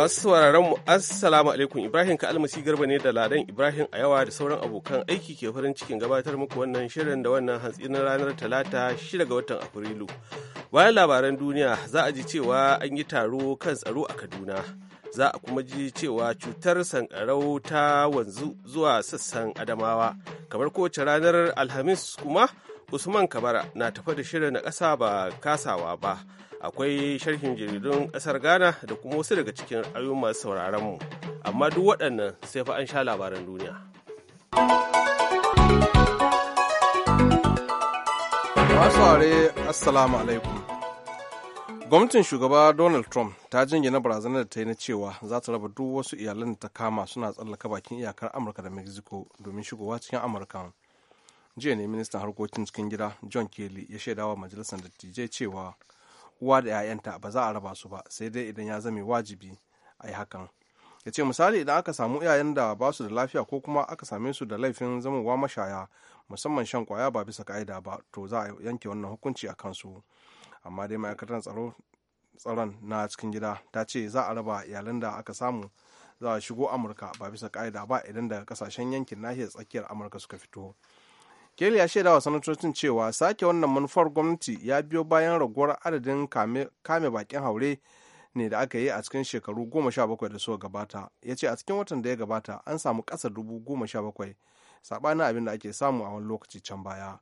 Masu sauraron mu assalamu alaikum Ibrahim ka almasi garba ne da Ladan Ibrahim a yawa da sauran abokan aiki ke farin cikin gabatar muku wannan shirin da wannan hantsi na ranar Talata 6 ga watan Afrilu. Bayan labaran duniya za a ji cewa an yi taro kan tsaro a Kaduna. Za a kuma ji cewa cutar sankarau ta wanzu zuwa sassan Adamawa. Kamar kowace ranar Alhamis kuma Usman Kabara na tafa da shirin na ƙasa ba kasawa ba. akwai sharhin jaridun ƙasar ghana da kuma wasu daga cikin ayyun masu sauraron mu amma duk waɗannan sai fa an sha labaran duniya masu ware assalamu alaikum gwamnatin shugaba donald trump ta jingina barazanar da ta yi na cewa za ta raba duk wasu iyalan da ta kama suna tsallaka bakin iyakar amurka da mexico domin shigowa cikin amurka jiya ne ministan harkokin cikin gida john kelly ya shaidawa majalisar dattijai cewa uwa da 'ya'yanta ba za a raba su ba sai dai idan ya zame wajibi a yi hakan ya ce misali idan aka samu iyayen da ba su da lafiya ko kuma aka same su da laifin zamowa mashaya musamman shan kwaya ba bisa ka'ida ba to za a yanke wannan hukunci a kansu amma dai ma'aikatar tsaro tsaron na cikin gida ta ce za a raba iyalin da aka samu za a shigo amurka ba bisa ka'ida ba idan daga kasashen yankin nahiyar tsakiyar amurka suka fito Kelly ya shaidawa sanatocin cewa sake wannan manufar gwamnati ya biyo bayan raguwar adadin kame bakin haure ne da aka yi a cikin shekaru goma sha bakwai da suka gabata. Ya ce a cikin watan da ya gabata an samu kasa dubu goma sha bakwai saɓanin abin da ake samu a wani lokaci can baya.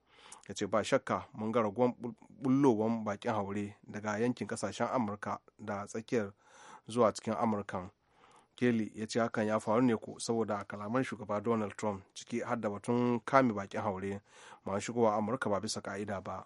Ya ce ba shakka mun ga raguwar bullowan bakin haure daga yankin ƙasashen Amurka da tsakiyar zuwa cikin Amurkan. kelly ya ce hakan ya faru ne ku saboda kalaman shugaba donald trump ciki har da batun kame bakin haure masu shigowa amurka ba bisa ka'ida ba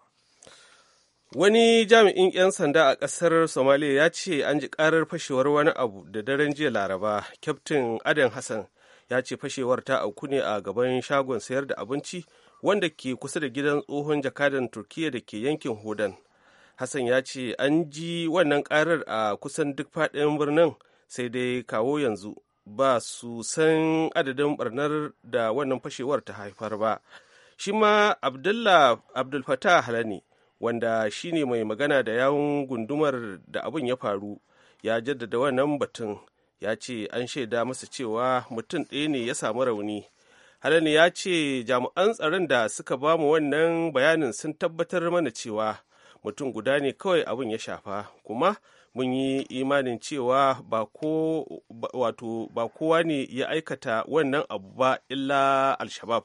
wani jami'in 'yan sanda a ƙasar somalia ya ce an ji ƙarar fashewar wani abu da daren jiya laraba kyaftin adan hassan ya ce fashewar ta auku ne a gaban shagon sayar da abinci wanda ke kusa da gidan tsohon jakadan turkiyya da ke yankin hodan hassan ya ce an ji wannan ƙarar a kusan duk faɗin birnin sai dai kawo yanzu ba su san adadin barnar da wannan fashewar ta haifar ba shi ma abdul fatah halani wanda shi ne mai magana da yawon gundumar da abin ya faru ya jaddada wannan batun ya ce an shaida masa cewa mutum ɗaya ne ya samu rauni halani ya ce jami'an tsaron da suka ba mu wannan bayanin sun tabbatar mana cewa mutum guda ne kawai abin ya shafa kuma mun yi imanin cewa ba kowa ne ya aikata wannan abu ba illa alshabab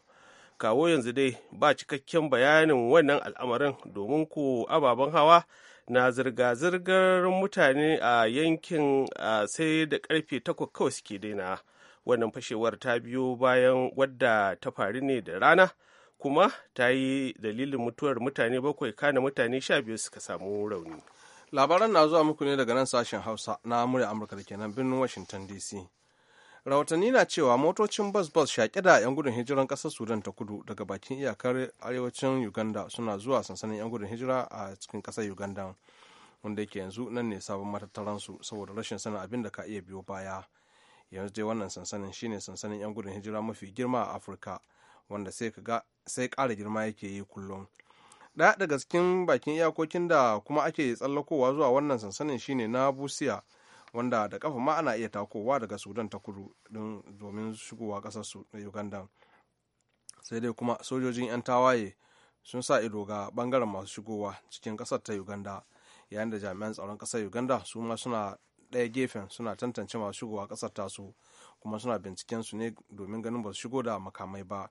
kawo yanzu dai ba cikakken bayanin wannan al'amarin domin ku ababen hawa na zirga-zirgar mutane a yankin sai da karfe takwas kawai suke daina wannan fashewar ta biyo bayan wadda ta faru ne da rana kuma ta yi dalilin mutuwar mutane bakwai kana mutane sha biyu suka samu rauni labaran na zuwa muku ne daga nan sashen hausa na murya amurka da kenan birnin washington dc rahotanni na cewa motocin bas bas shaƙe da 'yan gudun hijiran ƙasar sudan ta kudu daga bakin iyakar arewacin uganda suna zuwa sansanin 'yan gudun hijira a cikin ƙasar uganda wanda yake yanzu nan ne sabon matattaransu saboda rashin sanin abin da ka iya biyo baya yanzu dai wannan sansanin shine sansanin 'yan gudun hijira mafi girma a afirka wanda sai ƙara girma yake yi kullum daya daga cikin bakin iyakokin da kuma ake tsallakowa zuwa wannan sansanin shine na busia wanda da kafa ma ana iya takowa daga sudan ta kudu domin shigowa ƙasar eh, uganda sai dai kuma sojojin 'yan tawaye sun sa ido ga bangaren masu shigowa cikin ƙasar ta uganda yayin da jami'an tsaron ƙasar uganda su ma suna ɗaya gefen suna tantance masu shigowa ƙasar tasu kuma suna binciken su ne domin ganin ba su shigo da makamai ba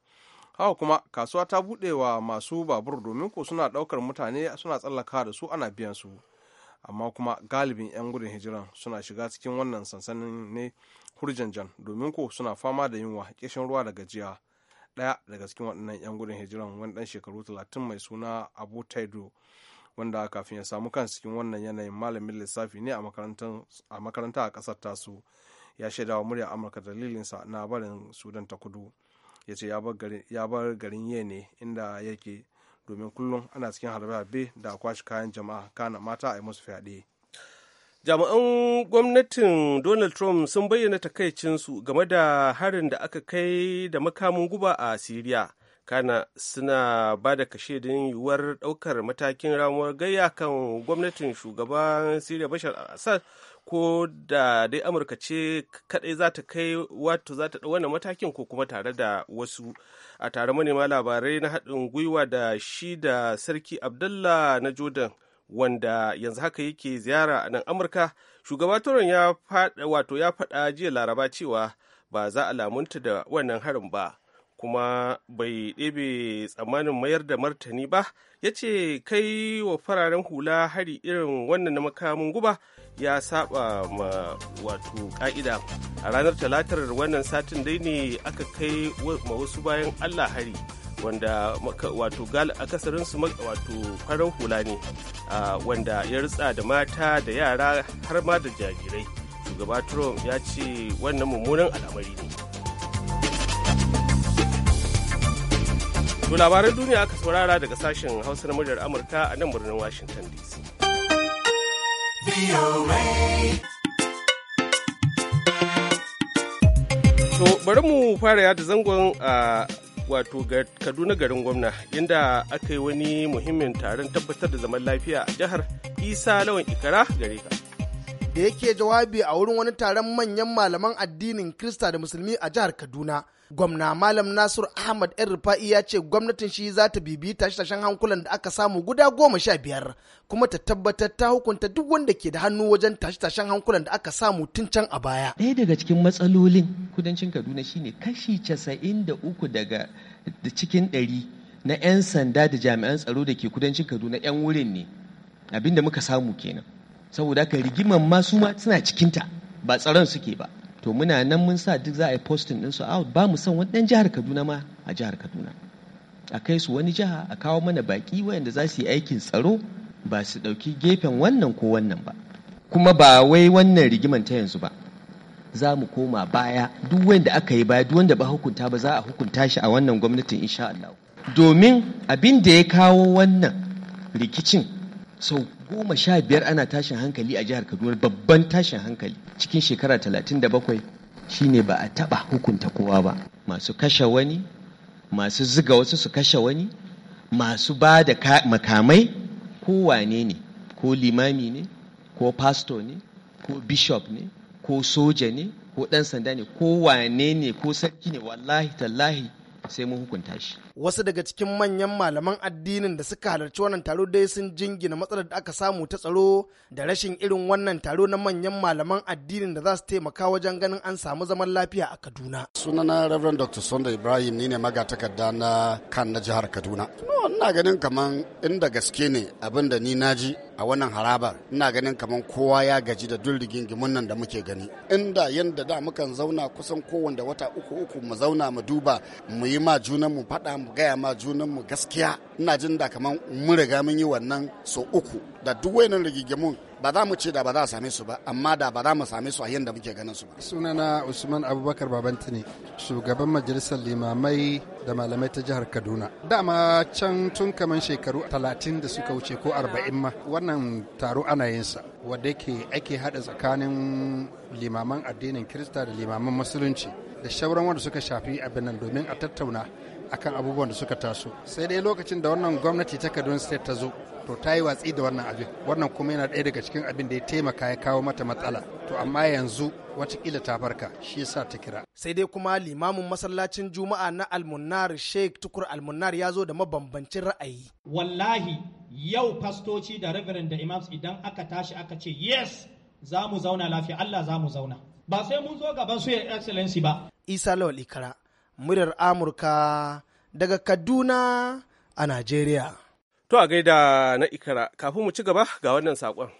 haka kuma kasuwa ta buɗe wa masu babur domin ko suna ɗaukar mutane suna tsallaka da su ana biyan su amma kuma galibin 'yan gudun hijiran suna shiga cikin wannan sansanin ne hurjanjan domin ko suna fama da yunwa kishin ruwa da gajiya ɗaya daga cikin waɗannan 'yan gudun hijiran wani ɗan shekaru 30 mai suna abu taido wanda kafin ya samu kan cikin wannan yanayin malamin lissafi ne a makaranta a kasar tasu ya shaidawa murya amurka dalilinsa na barin sudan ta kudu ya ce ya bar garin yi ne inda yake domin kullum ana cikin harbe-harbe da kwashe kayan jama'a kana mata a yi musu fyaɗe. jami'an gwamnatin donald trump sun bayyana takaicinsu game da harin da aka kai da makamin guba a syria kana suna ba da kashe din yiwuwar ɗaukar matakin ramuwar gayya kan gwamnatin shugaban syria bashar al-assad ko da dai amurka ce kadai za ta kai wato za ta wannan matakin ko kuma tare da wasu a tare manema labarai na haɗin gwiwa da shi da sarki abdullah na jordan wanda yanzu haka yake ziyara a nan amurka shugaba ya wato ya faɗa jiya laraba cewa ba za a lamunta da wannan harin ba kuma bai ɗebe tsammanin mayar da martani ba ya ce kai wa fararen hula hari irin wannan na makamin guba ya saba ma wato ka'ida a ranar talatar wannan satin dai ne aka kai ma wasu bayan allah hari wanda wato gal akasarinsu wato farar hula ne wanda ya ritsa da mata da yara har ma da jarirai shugaba trump ya ce wannan mummunan al'amari ne To labaran duniya aka saurara daga sashen Hausa na muryar Amurka a nan birnin Washington DC. To bari mu fara yada zangon a wato Kaduna garin gwamna inda aka yi wani muhimmin taron tabbatar da zaman lafiya a jihar Isa Lawan Ikara gare ka. da yake jawabi a wurin wani taron manyan malaman addinin Krista da Musulmi a jihar Kaduna. Gwamna Malam Nasir Ahmad el Rufa'i ya ce gwamnatin shi za ta bibi tashe-tashen hankulan da aka samu guda goma sha biyar, kuma ta tabbatar ta hukunta duk wanda ke da hannu wajen tashe-tashen hankulan da aka samu tun can a baya. Ɗaya daga cikin matsalolin kudancin Kaduna shine kashi casa'in da uku daga cikin ɗari na ‘yan sanda da jami'an tsaro da ke kudancin Kaduna ‘yan wurin ne, abinda muka samu kenan. saboda haka rigimar ma su ma suna cikinta ba tsaron suke ba to muna nan mun sa duk za a yi posting su out ba mu san wani jihar kaduna ma a jihar kaduna a kai su wani jiha a kawo mana baƙi wayanda za su yi aikin tsaro ba su ɗauki gefen wannan ko wannan ba kuma ba wai wannan rigimar ta yanzu ba za mu koma baya duk wanda aka yi baya duk wanda ba hukunta ba za a hukunta shi a wannan gwamnatin insha Allah domin abin da ya kawo wannan rikicin sau goma sha biyar ana tashin hankali a jihar kaduna babban tashin hankali cikin shekara talatin da bakwai shine ba a taɓa hukunta kowa ba masu kashe wani masu ziga wasu su kashe wani masu ba da makamai wane ne ko limami ne ko pastor ne ko bishop ne ko soja ne ko ɗan sanda ne ko wane ne ko sarki ne wallahi tallahi sai mun hukunta shi wasu daga cikin manyan malaman addinin da suka halarci wannan taro dai sun jingina matsalar da aka samu ta tsaro da rashin irin wannan taro na manyan malaman addinin da za su taimaka wajen ganin an samu zaman lafiya a Kaduna sunana Reverend Dr. Sunday Ibrahim ni ne magatakarda na kan na jihar Kaduna ina ganin kaman inda gaske ne abin da ni naji a wannan harabar ina ganin kamar kowa ya gaji da duk rigingimun nan da muke gani inda yanda da mukan zauna kusan kowanne wata uku uku mu zauna mu duba mu yi ma junan mu faɗa mu gaya ma junan mu gaskiya ina jin da kamar mun riga mun yi wannan so uku da duk wayannan rigingimun ba za mu ce da ba za a same su ba amma da ba za mu same su a yadda muke ganin su ba sunana usman abubakar babanta ne shugaban majalisar limamai da malamai ta jihar kaduna dama can tun kamar shekaru talatin da suka wuce ko arba'in ma wannan taro ana yin sa wadda yake ake hada tsakanin limaman addinin kirista da limaman musulunci da shauran wanda suka shafi abin nan domin a tattauna akan abubuwan da suka taso sai dai lokacin da wannan gwamnati ta kaduna state ta zo to ta yi watsi da wannan abin wannan kuma yana ɗaya daga cikin abin da ya taimaka ya kawo mata matsala to amma yanzu watakila ta farka shi yasa ta kira sai dai kuma limamin masallacin juma'a na almunnar sheikh tukur almunnar ya zo da mabambancin ra'ayi wallahi yau fastoci da reverend da imams idan aka tashi aka ce yes za mu zauna lafiya allah za mu zauna ba sai mun zo gaban su excellency ba isa lawal ikara muryar amurka daga kaduna a najeriya To a gaida na ikara kafin mu ci gaba ga wannan saƙon.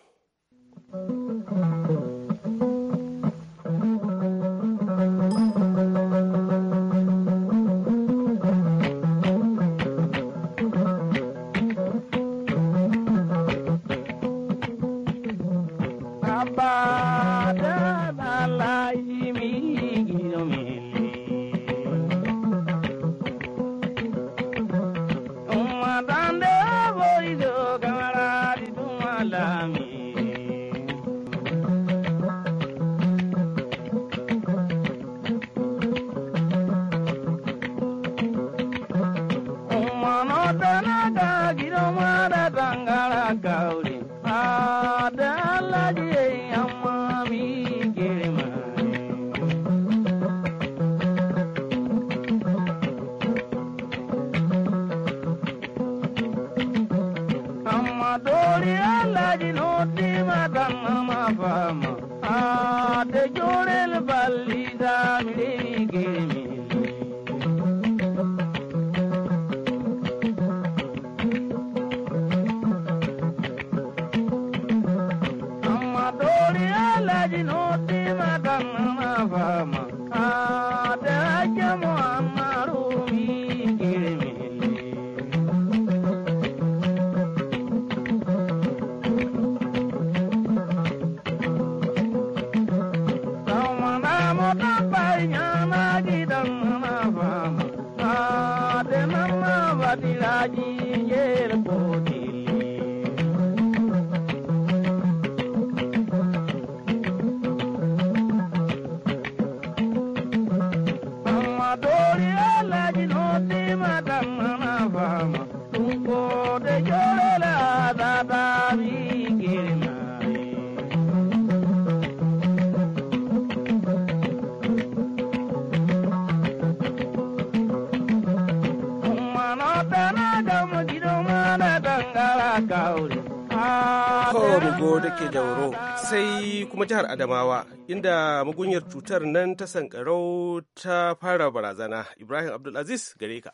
Adamawa inda mugunyar cutar nan ta sankarau ta fara barazana. Ibrahim Abdulaziz gare ka.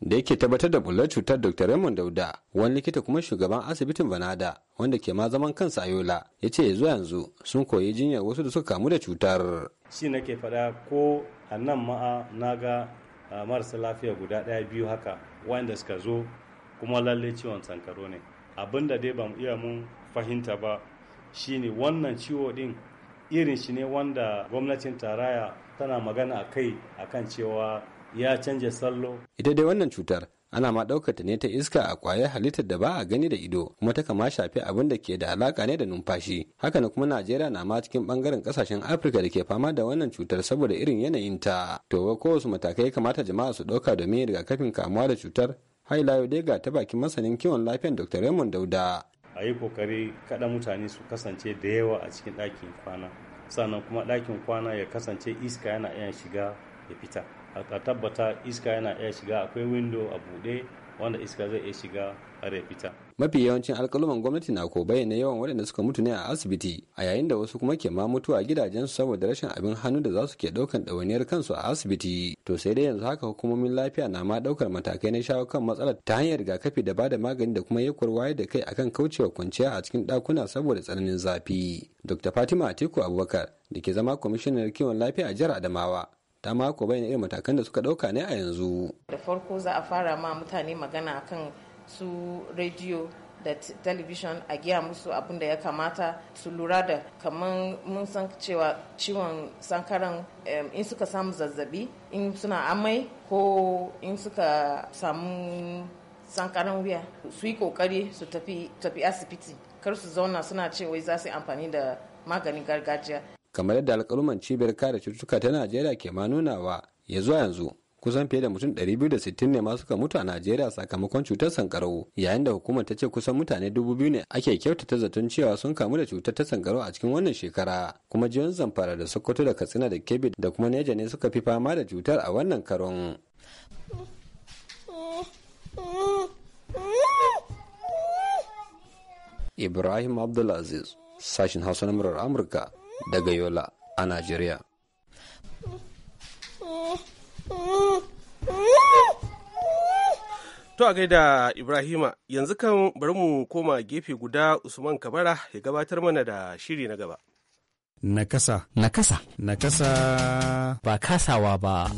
Da yake tabbatar da bullar cutar Dr. Raymond Dauda, wani likita kuma shugaban asibitin Banada wanda ke ma zaman kansa a Yola, ya ce zuwa yanzu sun koyi jinyar wasu da suka kamu da cutar. Shi nake fada ko a nan ma'a na ga marasa lafiya guda ɗaya biyu haka wanda suka zo kuma lalle ciwon sankaro ne. abinda dai ba mu iya mun fahimta ba shine wannan ciwo din irin shi ne wanda gwamnatin taraya tana magana a kai a kan cewa ya canja sallo. Ita dai wannan cutar ana ma ɗaukar ne ta iska a kwayar halittar da ba a gani da ido kuma ta kama shafi abin da ke da alaka ne da numfashi haka na kuma najeriya na ma cikin bangaren ƙasashen afirka da ke fama da wannan cutar saboda irin yanayin ta to wa kowace matakai kamata jama'a su ɗauka domin rigakafin kamuwa da cutar Hailayo dai ga ta bakin masanin kiwon lafiyar dr raymond dauda a yi kokari kada mutane su kasance da yawa a cikin ɗakin kwana sannan kuma ɗakin kwana ya kasance iska yana iya shiga ya fita a tabbata iska yana iya shiga akwai windo a buɗe wanda iska zai iya shiga har ya fita mafi yawancin alkaluman gwamnati na ko bayyana yawan waɗanda suka mutu ne a asibiti a yayin da wasu kuma ke ma mutuwa gidajensu saboda rashin abin hannu da za su ke ɗaukan ɗawainiyar kansu a asibiti to sai dai yanzu haka hukumomin lafiya na ma ɗaukar matakai na shawo kan matsalar ta hanyar rigakafi da bada magani da kuma yakwar wayar da kai akan kaucewa kwanciya a cikin ɗakuna saboda tsananin zafi dr fatima atiku abubakar da ke zama kwamishinar kiwon lafiya a jihar adamawa ta mako bayan irin matakan da suka ɗauka ne a yanzu da farko za a fara ma mutane magana akan su rediyo da television a giya musu abin da ya kamata su lura da kamar mun san cewa ciwon sankaran in suka samu zazzabi in suna amai ko in suka samu sankaran wuya su yi kokari su tafi asibiti kar su zauna suna cewa wai za su yi amfani da maganin gargajiya kamar yadda alkaluman cibiyar kare cututtuka ta najeriya ke ma nunawa ya zuwa yanzu kusan fiye da mutum 260 ne ma suka mutu a Najeriya sakamakon cutar sankarau yayin da hukumar ta ce kusan mutane 2000 ne ake kyautata zaton cewa sun kamu da cutar ta sankarau a cikin wannan shekara kuma jiyon Zamfara da Sokoto da Katsina da Kebbi da kuma Neja ne suka fi fama da cutar a wannan karon. Ibrahim Abdulaziz, sashin Hausa na murar Amurka daga Yola a Najeriya. To a gaida Ibrahima yanzu kan bari mu koma gefe guda Usman Kabara ya gabatar mana da shiri na gaba. Nakasa. Nakasa. Nakasa. Ba kasawa ba.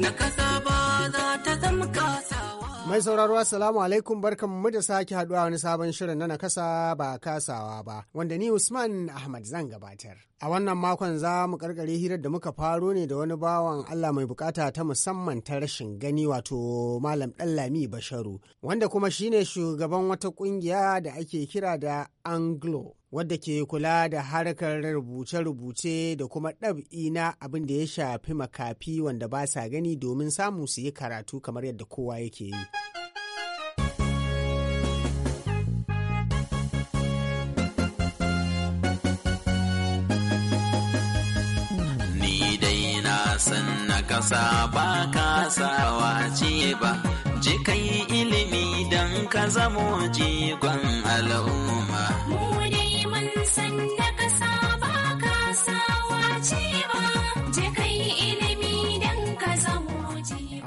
Nakasa ba za ta zama kasa. Mai sauraro Assalamu alaikum barkan mu da sake haduwa wani sabon shirin na nakasa ba kasawa ba wanda ni Usman Ahmad zan gabatar. A wannan makon za mu karkare hirar da muka faro ne da wani bawan Allah mai bukata ta musamman ta rashin gani wato Malam Dallami Basharu wanda kuma shine shugaban wata kungiya da ake kira da Anglo wadda ke kula da harkar rubuce-rubuce da kuma ɗab'i na abin da ya shafi makafi wanda ba sa gani domin samu su yi karatu kamar yadda kowa yake yi. Ni san na kasa ba kasa ce ba jikai ilimi don ka zamo jigon al'umma.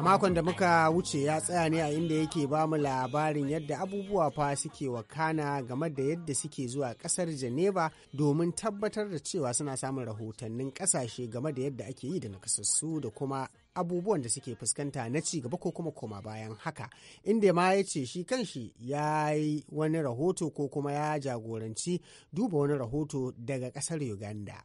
makon da muka wuce ya tsaya ne a inda yake ba mu labarin yadda abubuwa fa suke wakana game da yadda suke zuwa kasar Geneva domin tabbatar da cewa suna samun rahotannin kasashe game da yadda ake yi da nakasassu da kuma abubuwan da suke fuskanta na ci gaba ko kuma koma bayan haka inda ma ya ce shi kanshi ya yi wani rahoto ko kuma ya jagoranci duba wani rahoto daga kasar uganda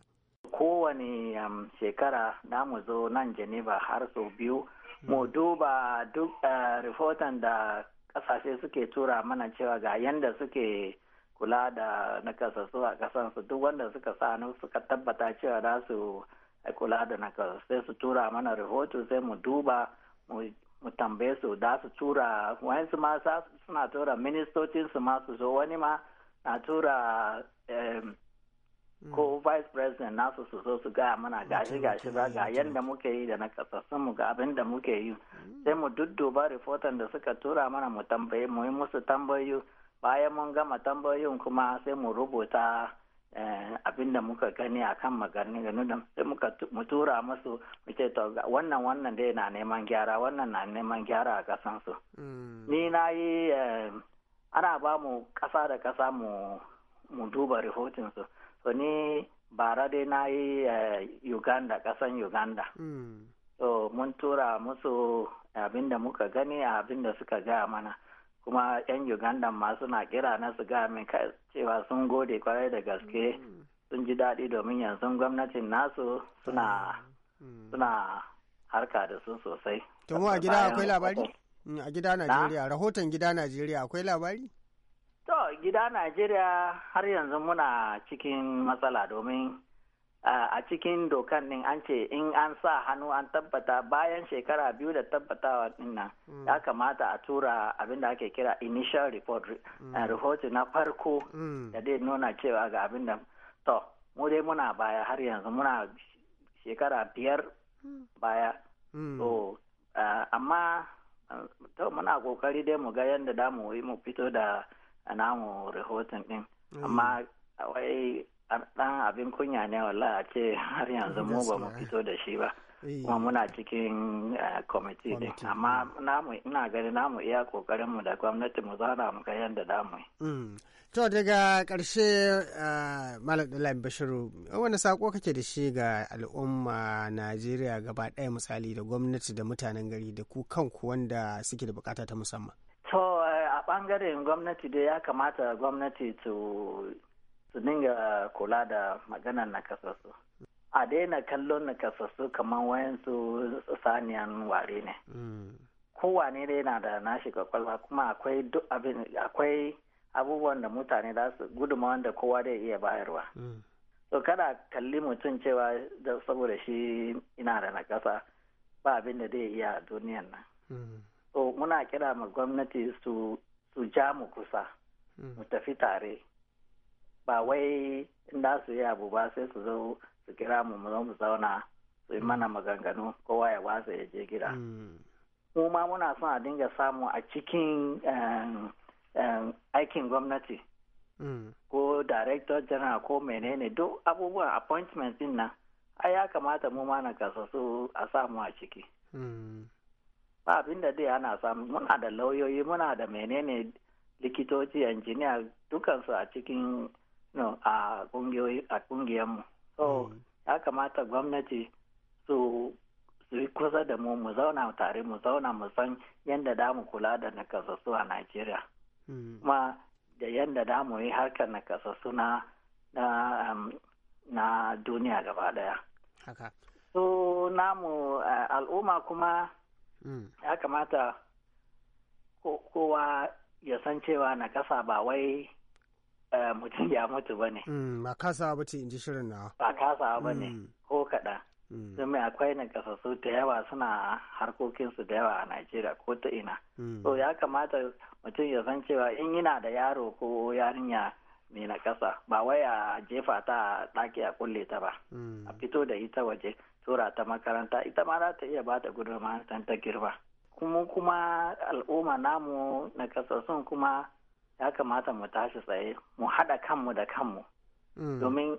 kowane um, shekara namu zo nan geneva har sau biyu mu hmm. duba duk uh, rahoton da kasashe suke tura mana cewa ga yanda suke kula da nakasassu a kasansu duk wanda suka sa suka tabbata cewa za su a kula da nakasa sai su tura mana rahoto sai mu duba mu tambaye su da su tura su ma suna tura ministocin su ma su zo wani ma na tura ko mm. vice president nasu su zo su gaya mana gashi gashi ba ga yadda muke yi da na kasassun mu ga abin da muke yi mm. sai mu dudduba rahoton da suka tura mana mu tambaye mu yi musu tambayoyi bayan mun gama tambayoyin kuma sai mu rubuta Eh, abin da muka gani a kan magani da nuna sai muka tura musu muke to wannan wannan dai na neman gyara wannan na neman gyara a kasansu mm. ni na yi eh, ana ba mu kasa da kasa mu duba rihotin su so ni bara dai na yi eh, uganda kasan uganda so mm. mun tura musu abin da muka gani abin da suka gaya mana kuma 'yan uganda ma suna kira na su min cewa sun gode kwarai da gaske mm. sun ji daɗi domin yanzu gwamnatin nasu suna mm. Mm. suna harka da su sosai to a gida akwai labari a gida najeriya rahoton gida najeriya akwai labari to gida najeriya har yanzu muna cikin matsala domin a cikin dokan ɗin an ce in an sa hannu an tabbata bayan shekara biyu da tabbatawa din nan mm. ya kamata a tura abinda ake kira initial report mm. eh, report na farko mm. da dai nuna cewa ga abin da to mu dai muna baya har yanzu muna shekara biyar baya to amma to muna kokari dai mu ga yadda damu mu fito da namu rahoton din amma wai ɗan abin kunya ne wallahi a ce har yanzu mu ba mu fito da shi ba eh. kuma muna cikin kwamiti eh, ne amma ina gani namu iya kokarin mu da gwamnati mu zana mu ga yanda damu mm. to daga ƙarshe eh, malam dalan bashiru wani sako kake da shi ga al'umma najeriya gaba ɗaya misali da gwamnati da mutanen gari da ku kanku wanda suke da bukata ta musamman to a ɓangaren gwamnati dai ya kamata gwamnati to su dinga kula da maganar nakasassu a daina kallon nakasassu kamar wayansu saniyan ware ne mm. kowane dai na da nashi kwakwalwa kuma akwai abubuwan da mutane da su guduma wanda kowa zai iya bayarwa so mm. kada kalli mutum cewa saboda shi ina da na nakasa ba abin da zai iya a duniyan nan so mm. muna kira ma gwamnati su ja mu kusa mu tafi tare ba wai in da su yi abu ba sai su zo su kira mu mu zo mu zauna su yi mana maganganu kowa ya wasa ya je gida hmm. mu ma muna son a dinga samu a cikin aikin gwamnati hmm. ko director general ko menene duk abubuwan appointment din nan ai ya kamata mu ma na kasasu a samu a ciki hmm. ba abin da dai ana samu muna da lauyoyi muna da menene likitoci injiniya dukansu a cikin no a kungiyoyi a kungiyarmu so mm. ya kamata gwamnati su su kusa da mu mu zauna tare mu zauna mu san yadda da mu kula da nakasassu a Najeriya mm. kuma da yadda da mu yi harkar nakasassu na na um, duniya gaba daya so namu al'umma kuma mm. ya kamata kowa ya san cewa na kasa ba wai Eh, mutum ya mutu ba ne. Mm, ba kasa ba ce in ji shirin na. Ba kasa ba ne mm. ko kaɗa. Mm. Domin akwai na ta da yawa suna harkokinsu da yawa a Najeriya ko ta ina. So ya kamata mutum ya san cewa in yana da yaro ko yarinya mai na kasa ba wai a jefa ta a ɗaki a kulle ta ba. A fito da ita waje tura ta makaranta ita ma za ta iya ba ta gudunmawa ta girba. Kuma kuma al'umma namu na kasasun kuma ya kamata mu tashi tsaye mu haɗa kanmu da kanmu mm. domin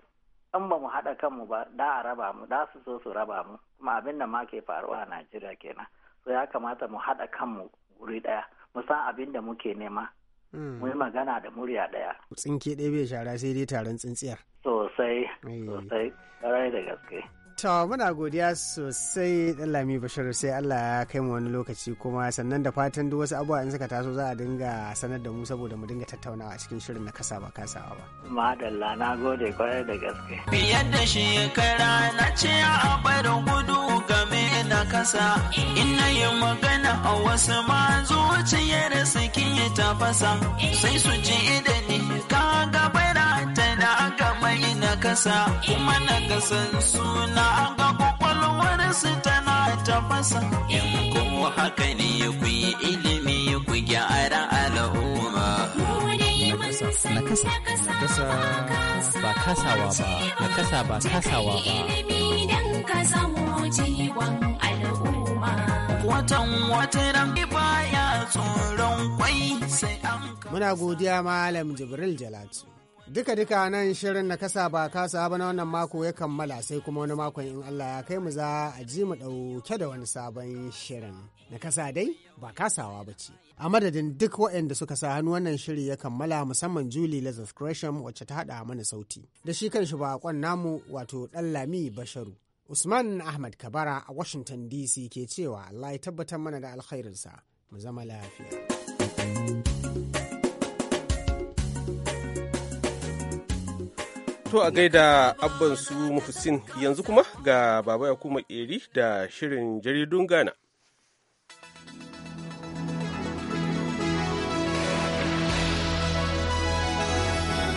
in ba mu haɗa kanmu ba da a raba mu da su so su raba mu kuma abin da ma ke faruwa a najeriya kenan so ya kamata mu haɗa kanmu wuri ɗaya mu san abin da muke nema mm. mu yi magana da murya ɗaya tsinke ɗaya bai shara sai dai taron tsintsiyar sosai eh. sosai ƙarai da gaske To muna godiya sosai Lami Bashir sai Allah ya kai mu wani lokaci kuma sannan da fatan duk wasu abubuwa in suka taso za a dinga sanar da mu saboda mu dinga tattaunawa a cikin shirin na kasa ba kasawa ba. Madalla na gode kwarai da gaske. Biyar da shekara na ce a da gudu game na kasa ina yin magana a wasu ma da su ta fasa sai su ji idan kasa kuma nakasan suna ga kwakwalwar su tana tafasa in kuma haka ne ku yi ilimi ku gyara al'umma na ba kasawa ba ba kasawa ba watan wataran baya tsoron kwai sai muna godiya malam jibril jalatu duka duka nan shirin na kasa ba kasa ba na wannan mako ya kammala sai kuma wani makon in Allah ya kai mu za a ji mu ɗauke da wani sabon shirin na kasa dai ba kasawa ba ce a madadin duk waɗanda suka sa hannu wannan shiri ya kammala musamman Julie Lazarus Gresham wacce ta haɗa mana sauti da shi kan shi baƙon namu wato Ɗanlami Basharu Usman Ahmad Kabara a Washington DC ke cewa Allah ya tabbatar mana da alkhairinsa mu zama lafiya. To a gaida abban su Muhsin yanzu kuma ga Baba ya kuma keri da shirin jaridun Ghana.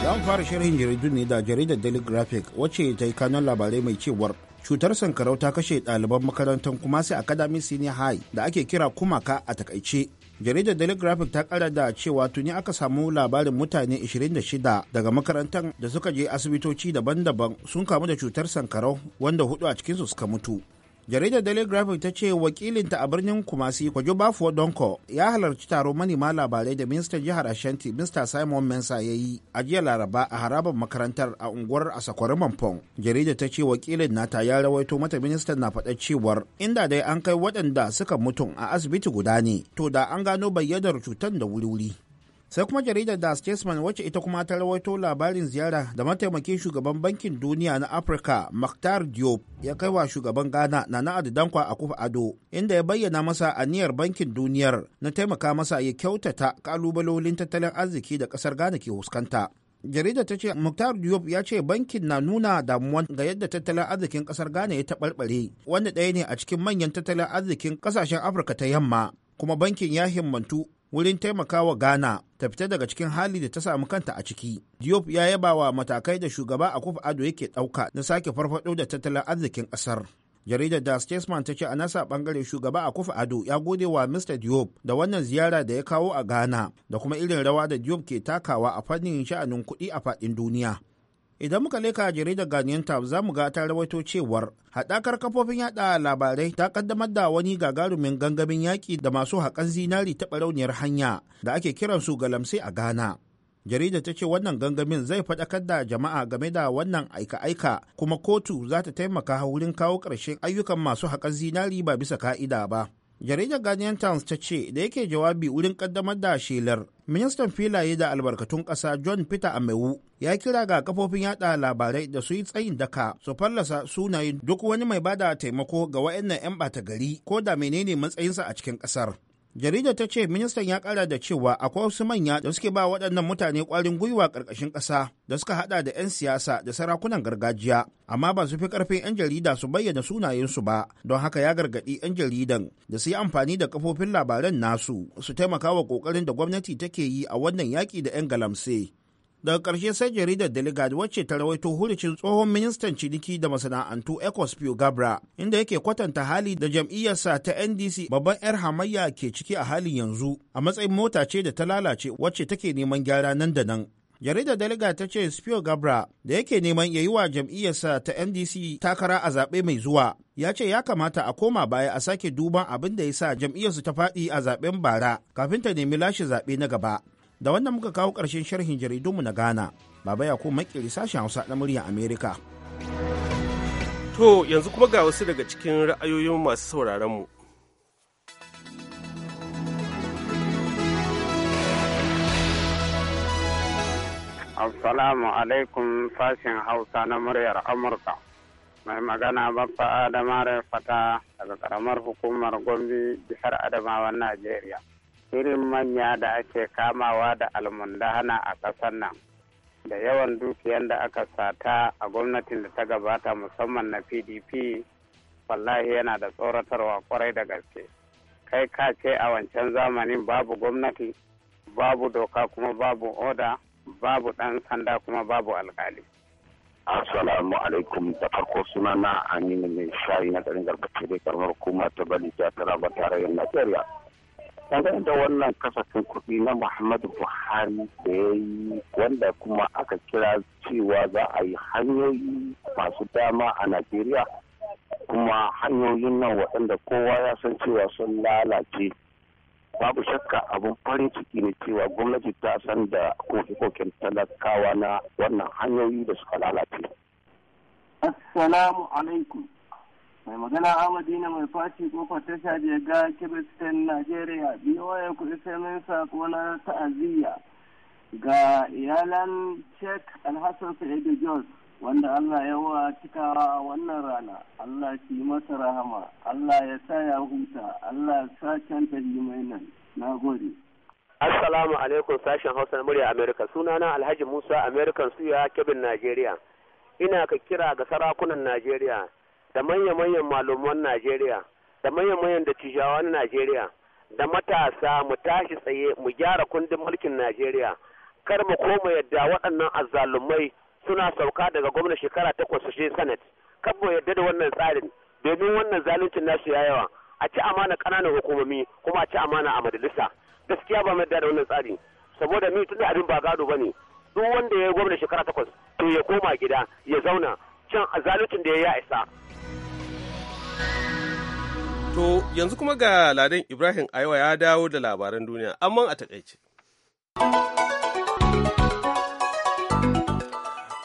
Zan fara sharhin jaridun ne da jaridar Daily Graphic wacce ta yi kanon labarai mai cewar cutar sankarau ta kashe ɗaliban makarantar kumasi academy senior high da ake kira kumaka a takaice jaridar daily graphic ta kara da cewa tuni aka samu labarin mutane 26 daga makarantar da suka je asibitoci daban-daban sun kamu da cutar sankarau wanda hudu a cikinsu suka mutu jaridar daily graphic ta ce wakilinta a birnin kumasi Kwajubafuwa bafuwa donko ya halarci taron manema labarai da ministan jihar ashanti mr simon mensa ya yi a jiya laraba a harabar makarantar a unguwar asakwari manfon jaridar ta ce wakilin nata ya rawaito mata ministan na faɗa cewar inda dai an kai waɗanda suka mutum a asibiti guda ne to da an gano bayyanar cutar da wuri-wuri sai kuma jaridar da statesman wacce ita kuma ta rawaito labarin ziyara da mataimakin shugaban bankin duniya na afirka maktar diop ya kai wa shugaban ghana na na kwa a kufa ado inda ya bayyana masa aniyar bankin duniyar na taimaka masa ya kyautata kalubalolin tattalin arziki da kasar ghana ke fuskanta jarida ta ce muktar diop ya ce bankin na nuna damuwan ga yadda tattalin arzikin kasar ghana ya taɓarɓare wanda ɗaya ne a cikin manyan tattalin arzikin ƙasashen afirka ta yamma kuma bankin ya himmantu wurin taimakawa Ghana ta fita daga cikin hali da ta samu kanta a ciki. Diop ya yaba wa matakai da shugaba a kufa Ado yake ɗauka na sake farfaɗo da tattalin arzikin ƙasar. Jaridar da Statesman ta ce a nasa bangare shugaba a kufa Ado ya gode wa Mr. Diop da wannan ziyara da ya kawo a Ghana da kuma irin rawa da Diop ke takawa a fannin sha'anin kuɗi a faɗin duniya. idan muka leka jaridar Guardian ta za mu ga ta rawaito cewar haɗakar kafofin yaɗa labarai ta kaddamar da wani gagarumin gangamin yaƙi da masu haƙan zinari ta barauniyar hanya da ake kiran su galamsai a Ghana. jaridar ta ce wannan gangamin zai faɗakar da jama'a game da wannan aika-aika kuma kotu za ta taimaka wurin kawo ƙarshen ayyukan masu haƙan zinari ba bisa ka'ida ba. jaridar guardian times ta ce da yake jawabi wurin kaddamar da shelar ministan filaye da albarkatun ƙasa john peter amewu ya kira ga kafofin yada labarai da su yi tsayin daka su fallasa sunayen duk wani mai bada taimako ga wa'annan 'yan ɓata gari ko da menene matsayinsa a cikin ƙasar jaridar ta ce ministan ya kara da cewa akwai wasu manya da suke ba waɗannan mutane ƙwarin gwiwa ƙarƙashin ƙasa da suka haɗa da 'yan siyasa da sarakunan gargajiya amma ba su fi ƙarfin 'yan jarida su bayyana sunayensu ba don haka ya gargaɗi 'yan jaridan da su yi amfani da kafofin labaran nasu su taimaka wa ƙoƙarin da gwamnati take yi a wannan yaƙi da 'yan galamse. daga ƙarshe sai jaridar Delegat wacce ta rawaito hulicin tsohon ministan ciniki da masana'antu Pio gabra inda yake kwatanta hali da jam'iyyarsa ta ndc babban 'yar hamayya ke ciki a halin yanzu a matsayin mota ce da ta lalace wacce take neman gyara nan da nan jaridar Delegat ta ce spio gabra da yake neman ya yi wa jam'iyyarsa ta ndc takara a zaɓe mai zuwa ya ce ya kamata a koma baya a sake duban abin da ya sa jam'iyyarsu ta faɗi a zaɓen bara kafin ta nemi lashe zaɓe na gaba da wannan muka kawo ƙarshen sharhin jaridunmu na ghana baba ya ko makiri sashen hausa na murya amerika to yanzu kuma ga wasu daga cikin ra'ayoyin masu sauraron mu Assalamu alaikum sashen Hausa na muryar Amurka. Mai magana Baffa Adama fata daga karamar hukumar Gombe jihar Adamawa Najeriya. irin manya da ake kamawa da almundahana a ƙasar nan da yawan dukiyan da aka sata a gwamnatin da ta gabata musamman na pdp wallahi yana da tsoratarwa kwarai da gaske kai ka ce a wancan zamanin babu gwamnati babu doka kuma babu oda babu ɗan sanda kuma babu alkali Assalamu alaikum da farko suna na aminu mai shayi na garin garbace dai karnar hukuma ta bali ta tare tarayyar Najeriya. kaga da wannan kasafin kuɗi na muhammadu buhari da ya yi wanda kuma aka kira cewa za a yi hanyoyi masu dama a najeriya kuma hanyoyin nan waɗanda kowa ya san cewa sun lalace babu shakka abin farin ciki ne cewa gwamnati ta san da koke-koken talakawa na wannan hanyoyi da suka lalace assalamu alaikum mai magana na mai faci kofar ta shaje ga kiristan najeriya waye kuɗi sai min sako na ta'aziyya ga iyalan sheikh alhassan sa'idu jos wanda allah ya wa cikawa wannan rana allah ki masa rahama allah ya sa ya huta allah ya sa canta limai nan na gode assalamu alaikum sashen hausa na murya america sunana alhaji musa american suya kebin najeriya ina ka kira ga sarakunan najeriya da manya-manyan malaman Najeriya da manya-manyan dattijawan Najeriya da matasa mu tashi tsaye mu gyara kundin mulkin Najeriya kar mu koma yadda waɗannan azalumai suna sauka daga gwamnati shekara takwas su je Senate kar mu yadda da wannan tsarin domin wannan zaluncin nasu ya yawa a ci amana ƙananan hukumomi kuma a ci amana a majalisa gaskiya ba mu mai da wannan tsari saboda ni tun da abin ba gado ba ne. duk wanda ya yi gwamnati shekara takwas to ya koma gida ya zauna can a zaluncin da ya ya isa To yanzu kuma ga Ladan Ibrahim Aiwa ya dawo da labaran duniya, amma a takaice.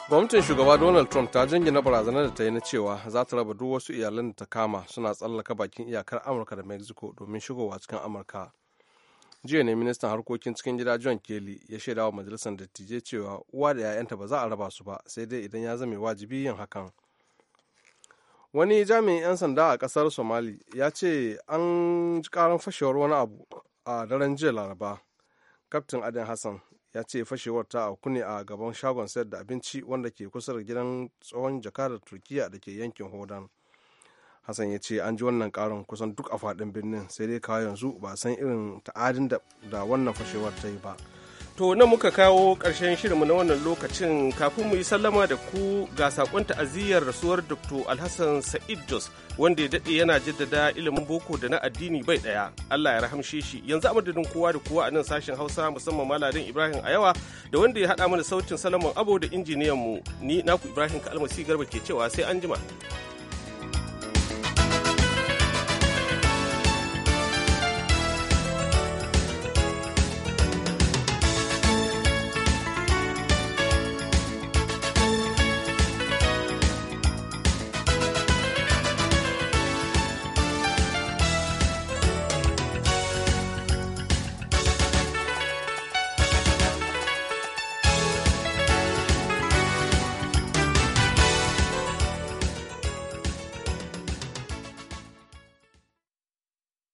Gwamnatin shugaba Donald Trump ta jingina barazanar da ta yi na cewa za ta raba duk wasu iyalan da ta kama suna tsallaka bakin iyakar Amurka da Mexico domin shigowa cikin Amurka. Jiya ne ministan harkokin cikin gida John Kelly ya shaidawa majalisar dattijai cewa uwa da 'ya'yanta ba za a raba su ba sai dai idan ya zame wajibi yin hakan. wani jami'in 'yan sanda a kasar somali ya ce an ji karan fashewar wani abu a daren jiya laraba kaftin adin hassan ya ce fashewar ta auku ne a gaban shagon sayar da abinci wanda ke kusa da gidan tsohon jakadar turkiya da ke yankin hodan hassan ya ce an ji wannan karan kusan duk a faɗin birnin sai dai kawai yanzu ba san irin ta'adin da wannan fashewar ta yi ba To nan muka kawo ƙarshen shirinmu na wannan lokacin kafin mu yi sallama da ku ga sakon ta'aziyyar rasuwar Dr. Alhassan Sa'id Jos wanda ya daɗe yana jaddada ilimin boko da na addini bai ɗaya. Allah ya rahamshe shi. Yanzu a madadin kowa da kowa a nan sashen Hausa musamman Maladin Ibrahim Ayawa da wanda ya haɗa mana sautin Salaman Abo da injiniyan mu. Ni naku Ibrahim Kalmasi Garba ke cewa sai an jima.